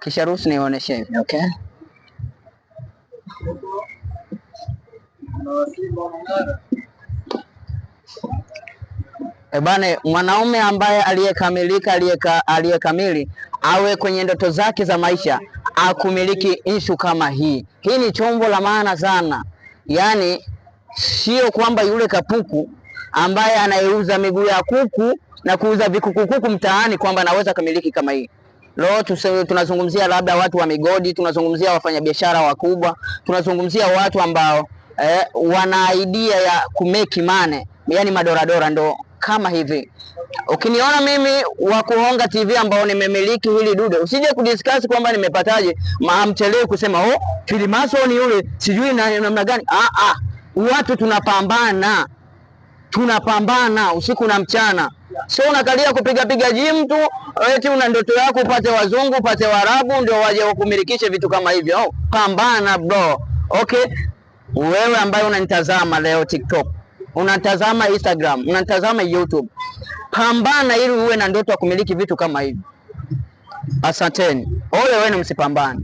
Ukisharuhusu nionyeshe hivi, okay? Ebane, eh, mwanaume ambaye aliyekamilika aliyekamili awe kwenye ndoto zake za maisha akumiliki ishu kama hii. Hii ni chombo la maana sana, yaani sio kwamba yule kapuku ambaye anayeuza miguu ya kuku na kuuza vikukukuku mtaani kwamba anaweza kamiliki kama hii. Leo tunazungumzia labda watu wa migodi, tunazungumzia wafanyabiashara wakubwa, tunazungumzia watu ambao eh, wana idea ya kumeki mane, yani madoradora ndo kama hivi ukiniona mimi wa Kuhonga TV ambao nimemiliki hili dude, usije kudiscuss kwamba nimepataje. Maamchelewe kusema oh, Filimaso ni yule sijui na namna gani. Ah, ah, watu tunapambana, tunapambana usiku na mchana. Sio unakalia kupiga piga gym tu eti una ndoto yako upate wazungu upate Waarabu ndio waje wakumilikishe vitu kama hivyo. Oh, pambana bro. Okay, wewe ambaye unanitazama leo TikTok, unatazama Instagram, unatazama YouTube, pambana ili uwe na ndoto ya kumiliki vitu kama hivi. Asanteni. Ole wenu msipambane.